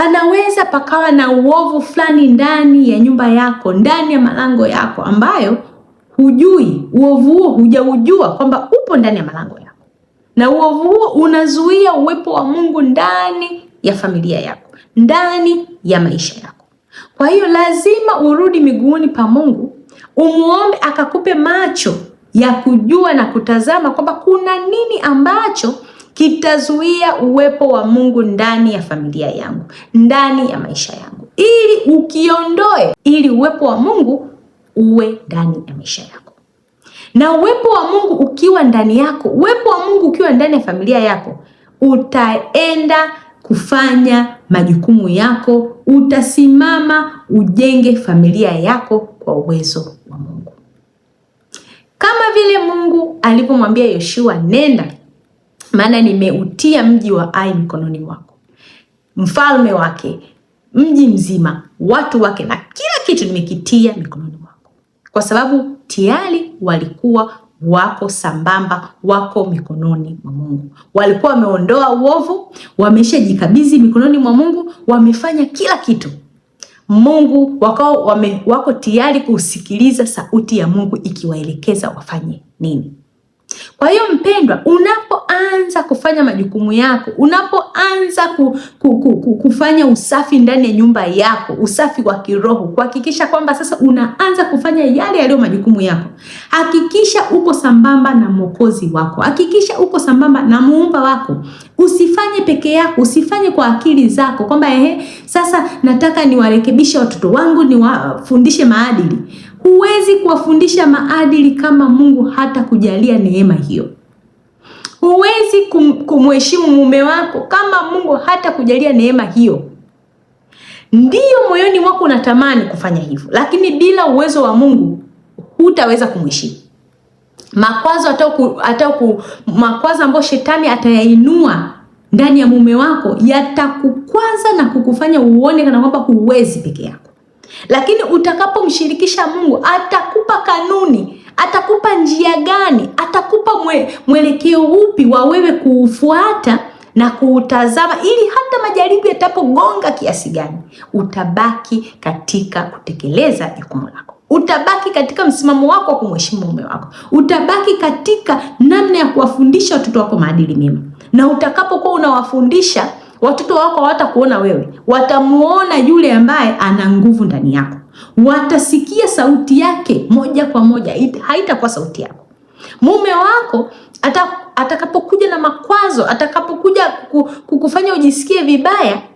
Panaweza pakawa na uovu fulani ndani ya nyumba yako, ndani ya malango yako, ambayo hujui. Uovu huo hujaujua kwamba upo ndani ya malango yako, na uovu huo unazuia uwepo wa Mungu ndani ya familia yako, ndani ya maisha yako. Kwa hiyo lazima urudi miguuni pa Mungu, umuombe akakupe macho ya kujua na kutazama kwamba kuna nini ambacho kitazuia uwepo wa Mungu ndani ya familia yangu, ndani ya maisha yangu, ili ukiondoe, ili uwepo wa Mungu uwe ndani ya maisha yako. Na uwepo wa Mungu ukiwa ndani yako, uwepo wa Mungu ukiwa ndani ya familia yako, utaenda kufanya majukumu yako, utasimama ujenge familia yako kwa uwezo wa Mungu, kama vile Mungu alipomwambia Yoshua, nenda maana nimeutia mji wa Ai mkononi mwako, mfalme wake, mji mzima, watu wake na kila kitu nimekitia mikononi mwako, kwa sababu tayari walikuwa wako sambamba, wako mikononi mwa Mungu. Walikuwa wameondoa uovu, wameshajikabidhi mikononi mwa Mungu, wamefanya kila kitu Mungu wako, wame, wako tayari kusikiliza sauti ya Mungu ikiwaelekeza wafanye nini. Kwa hiyo mpendwa, unapo unapoanza kufanya majukumu yako, unapoanza ku, ku, ku, ku, kufanya usafi ndani ya nyumba yako, usafi wa kiroho, kuhakikisha kwamba sasa unaanza kufanya yale yaliyo majukumu yako, hakikisha uko sambamba na Mwokozi wako, hakikisha uko sambamba na muumba wako. Usifanye peke yako, usifanye kwa akili zako kwamba ehe, sasa nataka niwarekebishe watoto wangu, niwafundishe maadili. Huwezi kuwafundisha maadili kama Mungu hata kujalia neema hiyo. Huwezi kumheshimu mume wako kama Mungu hata kujalia neema hiyo. Ndiyo moyoni mwako unatamani kufanya hivyo, lakini bila uwezo wa Mungu hutaweza kumheshimu. Makwazo atau atau makwazo ambayo shetani atayainua ndani ya mume wako yatakukwaza na kukufanya uone kana kwamba huwezi peke yako, lakini utakapomshirikisha Mungu atakupa kanuni Atakupa njia gani? Atakupa mwe, mwelekeo upi wa wewe kuufuata na kuutazama, ili hata majaribu yatapogonga kiasi gani, utabaki katika kutekeleza jukumu lako utabaki katika msimamo wako wa kumheshimu mume wako, utabaki katika namna ya kuwafundisha watoto wako maadili mema. Na utakapokuwa unawafundisha watoto wako, hawatakuona wewe, watamuona yule ambaye ana nguvu ndani yako watasikia sauti yake moja kwa moja, haitakuwa sauti yako. Mume wako atakapokuja na makwazo, atakapokuja kukufanya ujisikie vibaya